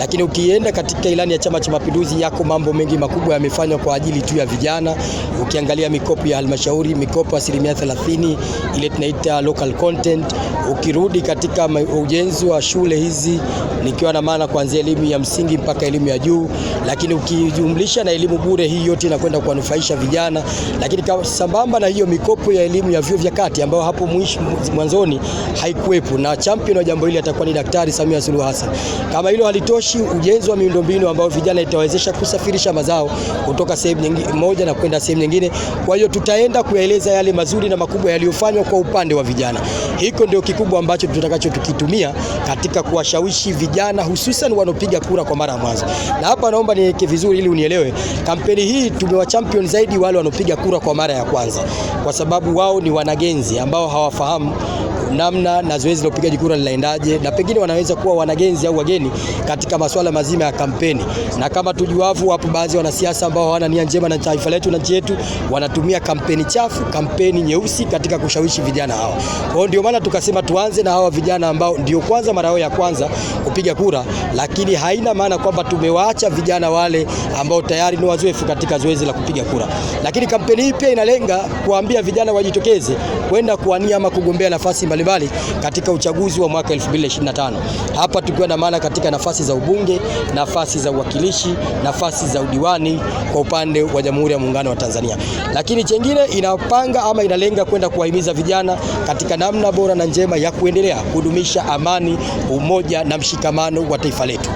Lakini ukienda katika ilani ya Chama cha Mapinduzi, yako mambo mengi makubwa yamefanywa kwa ajili tu ya vijana. Ukiangalia mikopo ya halmashauri, mikopo asilimia 30 ile tunaita local content. Ukirudi katika ujenzi wa shule hizi, nikiwa na maana kuanzia elimu ya msingi mpaka elimu ya juu, lakini ukijumlisha na elimu bure, hii yote inakwenda kuwanufaisha vijana. Lakini sambamba na hiyo mikopo ya elimu ya vyuo vya kati ambayo hapo mwisho mwanzoni haikuwepo, na champion wa jambo hili atakuwa ni Daktari Samia Suluhu Hassan. Kama hilo halitoshi utashi ujenzi wa miundombinu ambayo vijana itawezesha kusafirisha mazao kutoka sehemu moja na kwenda sehemu nyingine. Kwa hiyo tutaenda kuyaeleza yale mazuri na makubwa yaliyofanywa kwa upande wa vijana. Hiko ndio kikubwa ambacho tutakacho tukitumia katika kuwashawishi vijana hususan wanaopiga kura kwa mara ya mwanzo. Na hapa naomba niweke vizuri ili unielewe. Kampeni hii tumewa champion zaidi wale wanaopiga kura kwa mara ya kwanza, kwa sababu wao ni wanagenzi ambao hawafahamu namna na zoezi la upigaji kura linaendaje, na pengine wanaweza kuwa wanagenzi au wageni katika masuala mazima ya kampeni. Na kama tujuavu, wapo baadhi ya wanasiasa ambao hawana nia njema na taifa letu na nchi yetu, wanatumia kampeni chafu, kampeni nyeusi katika kushawishi vijana hawa. Kwa hiyo ndio maana tukasema tuanze na hawa vijana ambao ndio kwanza mara yao ya kwanza kupiga kura, lakini haina maana kwamba tumewaacha vijana wale ambao tayari ni wazoefu katika zoezi la kupiga kura. Lakini kampeni hii pia inalenga kuambia vijana wajitokeze kwenda kuania ama kugombea nafasi mbali mbalimbali katika uchaguzi wa mwaka 2025. Hapa tukiwa na maana katika nafasi za ubunge, nafasi za uwakilishi, nafasi za udiwani kwa upande wa Jamhuri ya Muungano wa Tanzania. Lakini chengine inapanga ama inalenga kwenda kuwahimiza vijana katika namna bora na njema ya kuendelea kudumisha amani, umoja na mshikamano wa taifa letu.